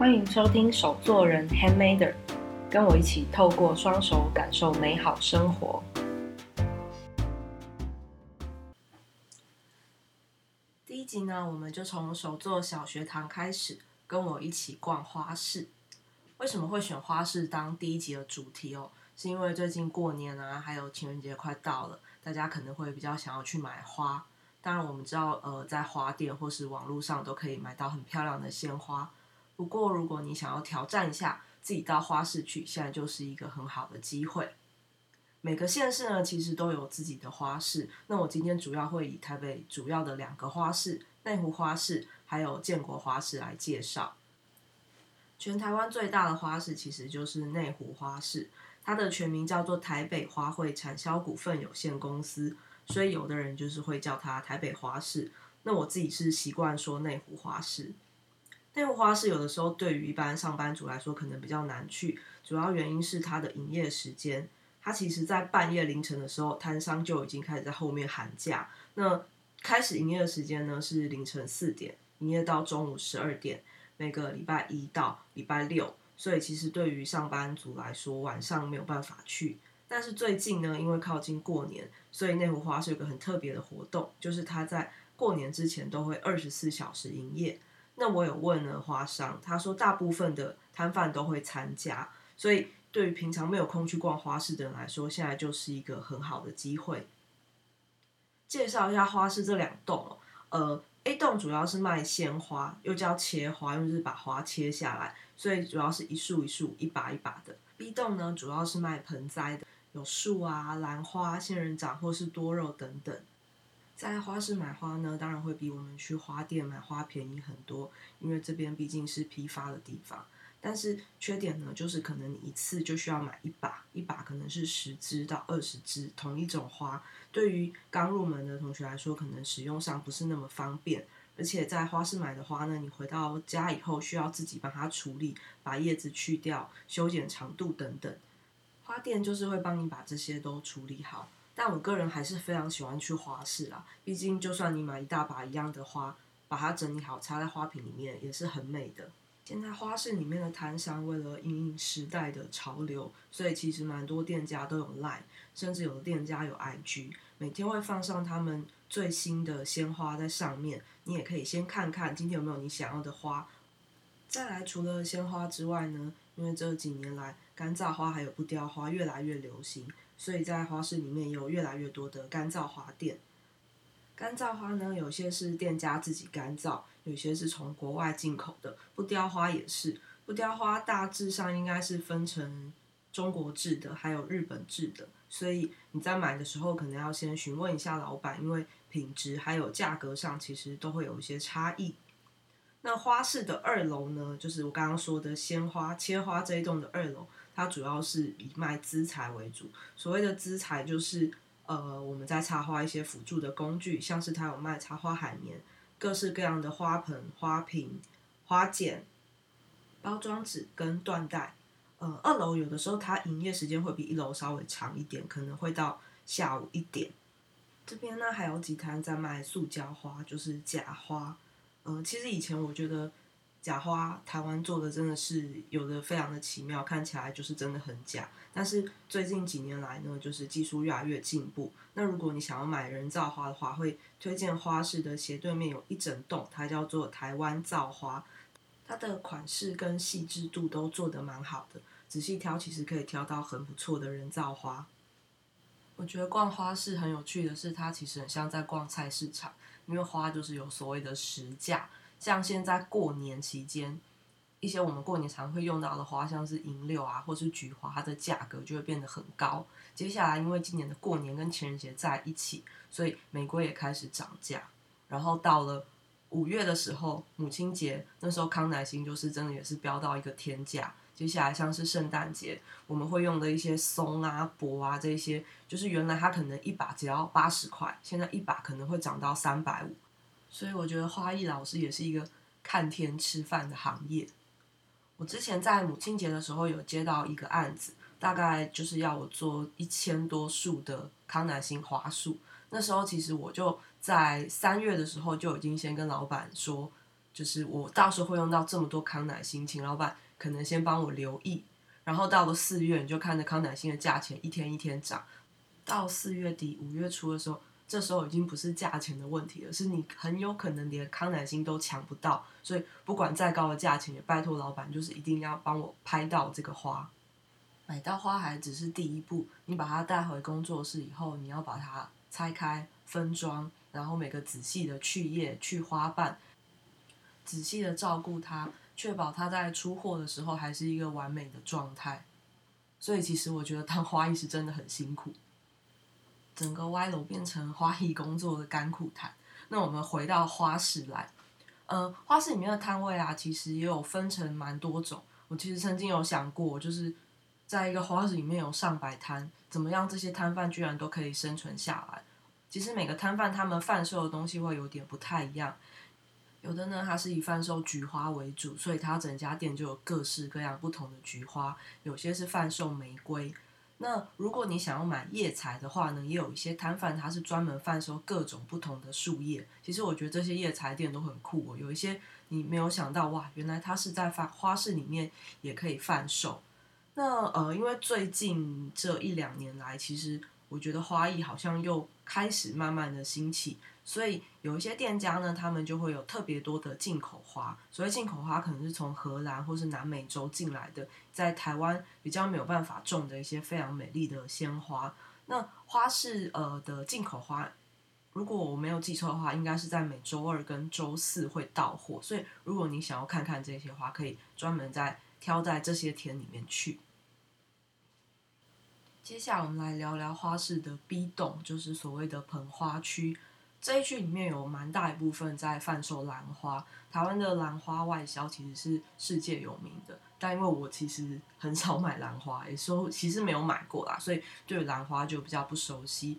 歡迎收聽手作人 Handmader 跟我一起透過雙手感受美好生活。第一集呢，我們就從手作小學堂開始，跟我一起逛花市。為什麼會選花市當第一集的主題哦？是因為最近過年啊，還有情人節快到了，大家可能會比較想要去買花。當然，我們知道，呃，在花店或是網路上都可以買到很漂亮的鮮花。不過，如果你想要挑戰一下自己到花市去，現在就是一個很好的機會。每個縣市呢，其實都有自己的花市。那我今天主要會以台北主要的兩個花市——內湖花市還有建國花市來介紹。全台灣最大的花市其實就是內湖花市，它的全名叫做台北花卉產銷股份有限公司，所以有的人就是會叫它台北花市。那我自己是習慣說內湖花市。內湖花市有的時候對於一般上班族來說可能比較難去，主要原因是它的營業時間，它其實，在半夜凌晨的時候，攤商就已經開始在後面喊價。那開始營業的時間呢，是凌晨四點，營業到中午十二點，每個禮拜一到禮拜六。所以其實對於上班族來說，晚上沒有辦法去。但是最近呢，因為靠近過年，所以內湖花市有個很特別的活動，就是它在過年之前都會二十四小時營業。那我有問了花商，他說大部分的攤販都會參加，所以對於平常沒有空去逛花市的人來說，現在就是一個很好的機會。介紹一下花市這兩棟哦，呃 A 棟主要是賣鮮花，又叫切花，又是把花切下來，所以主要是一束一束、一把一把的。B 棟呢，主要是賣盆栽的，有樹啊、蘭花、仙人掌或是多肉等等。在花市買花呢，當然會比我們去花店買花便宜很多，因為這邊畢竟是批發的地方。但是缺點呢，就是可能你一次就需要買一把，一把可能是十支到二十支，同一種花。對於剛入門的同學來說，可能使用上不是那麼方便。而且在花市買的花呢，你回到家以後需要自己幫它處理，把葉子去掉、修剪長度等等。花店就是會幫你把這些都處理好。但我個人還是非常喜歡去花市啦，畢竟就算你買一大把一樣的花，把它整理好插在花瓶裡面也是很美的。現在花市裡面的攤商為了因應時代的潮流，所以其實蠻多店家都有 Line，甚至有的店家有 IG，每天會放上他們最新的鮮花在上面，你也可以先看看今天有沒有你想要的花。再來，除了鮮花之外呢，因為這幾年來乾燥花還有不凋花越來越流行。所以在花市裡面有越來越多的乾燥花店。乾燥花呢，有些是店家自己乾燥，有些是從國外進口的。不凋花也是，不凋花大致上應該是分成中國製的，還有日本製的。所以你在買的時候，可能要先詢問一下老闆，因為品質還有價格上其實都會有一些差異。那花市的二樓呢，就是我剛剛說的鮮花切花這一棟的二樓。它主要是以賣資材為主，所謂的資材就是，呃，我們在插花一些輔助的工具，像是它有賣插花海綿、各式各樣的花盆、花瓶、花剪、包裝紙跟緞帶。呃，二樓有的時候它營業時間會比一樓稍微長一點，可能會到下午一點。這邊呢還有幾攤在賣塑膠花，就是假花。嗯、呃，其實以前我覺得。假花，台灣做的真的是有的非常的奇妙，看起來就是真的很假。但是最近幾年來呢，就是技術越來越進步。那如果你想要買人造花的話，會推薦花市的斜對面有一整棟，它叫做台灣造花，它的款式跟細緻度都做得蠻好的，仔細挑其實可以挑到很不錯的人造花。我覺得逛花市很有趣的是，它其實很像在逛菜市場，因為花就是有所謂的實價。像現在過年期間，一些我們過年常會用到的花，像是銀柳啊，或是菊花，它的價格就會變得很高。接下來，因為今年的過年跟情人節在一起，所以玫瑰也開始漲價。然後到了五月的時候，母親節那時候康乃馨就是真的也是飆到一個天價。接下來像是聖誕節，我們會用的一些松啊、柏啊這一些，就是原來它可能一把只要八十塊，現在一把可能會漲到三百五。所以我覺得花藝老師也是一個看天吃飯的行業。我之前在母親節的時候有接到一個案子，大概就是要我做一千多束的康乃馨花束。那時候其實我就在三月的時候就已經先跟老闆說，就是我到時候會用到這麼多康乃馨，請老闆可能先幫我留意。然後到了四月，你就看着康乃馨的價錢一天一天漲，到四月底五月初的時候。這時候已經不是價錢的問題了，是你很有可能連康乃馨都搶不到，所以不管再高的價錢，也拜托老闆就是一定要幫我拍到這個花。買到花還只是第一步，你把它帶回工作室以後，你要把它拆開分裝，然後每個仔細的去葉去花瓣，仔細的照顧它，確保它在出貨的時候還是一個完美的狀態。所以其實我覺得當花藝師真的很辛苦。整個歪樓變成花藝工作的甘苦談。那我們回到花市來，呃，花市裡面的攤位啊，其實也有分成蠻多種。我其實曾經有想過，就是在一個花市裡面有上百攤，怎麼樣這些攤販居然都可以生存下來？其實每個攤販他們販售的東西會有點不太一樣，有的呢它是以販售菊花為主，所以它整家店就有各式各樣不同的菊花。有些是販售玫瑰。那如果你想要買葉材的話呢，也有一些攤販他是專門販售各種不同的樹葉。其實我覺得這些葉材店都很酷哦，有一些你沒有想到哇，原來它是在花市裡面也可以販售。那呃，因為最近這一兩年來，其實我覺得花藝好像又開始慢慢的興起。所以有一些店家呢，他們就會有特別多的進口花，所以進口花可能是從荷蘭或是南美洲進來的，在台灣比較沒有辦法種的一些非常美麗的鮮花。那花市呃的進口花，如果我沒有記錯的話，應該是在每周二跟周四會到貨，所以如果你想要看看這些花，可以專門在挑在這些天裡面去。接下來我們來聊聊花市的 B 棟，就是所謂的盆花區。這一區裡面有蠻大一部分在販售蘭花，台灣的蘭花外銷其實是世界有名的，但因為我其實很少買蘭花，也說其實沒有買過啦，所以對蘭花就比較不熟悉。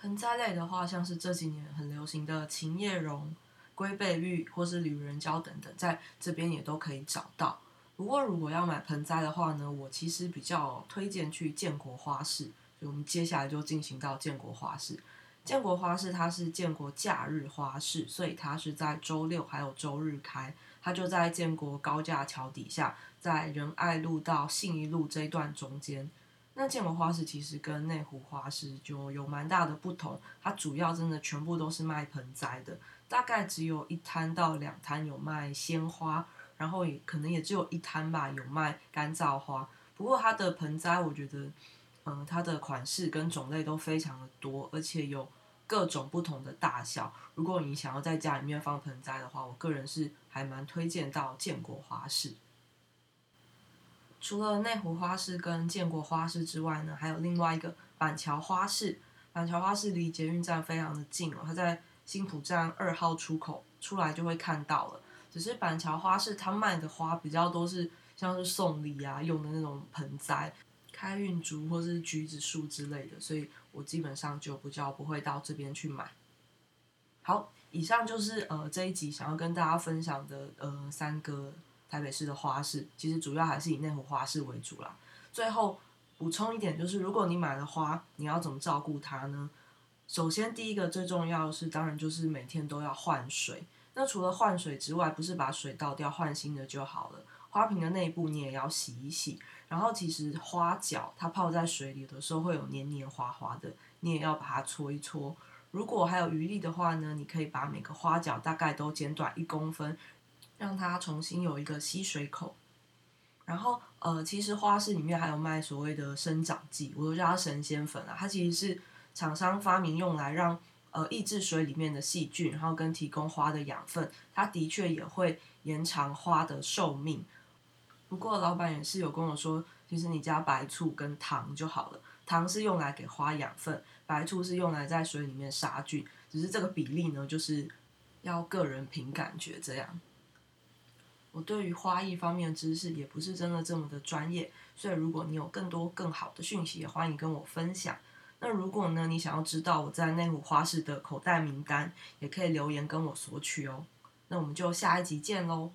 盆栽類的話，像是這幾年很流行的琴葉榕、龜背芋或是旅人蕉等等，在這邊也都可以找到。不過如果要買盆栽的話呢，我其實比較推薦去建國花市，所以我們接下來就進行到建國花市。建國花市，它是建國假日花市，所以它是在周六還有周日開。它就在建國高架橋底下，在仁愛路到信義路這一段中間。那建國花市其實跟內湖花市就有蠻大的不同，它主要真的全部都是賣盆栽的，大概只有一攤到兩攤有賣鮮花，然後也可能也只有一攤吧有賣乾燥花。不過它的盆栽，我覺得。嗯，它的款式跟種類都非常的多，而且有各種不同的大小。如果你想要在家裡面放盆栽的話，我個人是還蠻推薦到建國花市。除了內湖花市跟建國花市之外呢，還有另外一個板橋花市。板橋花市離捷運站非常的近哦，它在新埔站二號出口出來就會看到了。只是板橋花市它賣的花比較多是像是送禮啊用的那種盆栽，開運竹或是橘子樹之類的，所以我基本上就不叫不會到這邊去買。好，以上就是呃這一集想要跟大家分享的呃三個台北市的花市，其實主要還是以內湖花市為主啦。最後補充一點，就是如果你買了花，你要怎麼照顧它呢？首先第一個最重要的是，當然就是每天都要換水。那除了換水之外，不是把水倒掉換新的就好了。花瓶的內部你也要洗一洗。然後其實花腳它泡在水裡的時候會有黏黏滑滑的，你也要把它搓一搓。如果還有餘力的話呢，你可以把每個花腳大概都剪短一公分，讓它重新有一個吸水口。然後呃，其實花市裡面還有賣所謂的生長劑，我都叫它神仙粉啊。它其實是廠商發明用來讓呃抑制水裡面的細菌，然後跟提供花的養分。它的確也會延長花的壽命。不過老闆也是有跟我說，其實你加白醋跟糖就好了，糖是用來給花養分，白醋是用來在水裡面殺菌，只是這個比例呢，就是要個人憑感覺這樣。我對於花藝方面的知識也不是真的這麼的專業，所以如果你有更多更好的訊息，也歡迎跟我分享。那如果呢，你想要知道我在內湖花市的口袋名單，也可以留言跟我索取哦。那我們就下一集見嘍。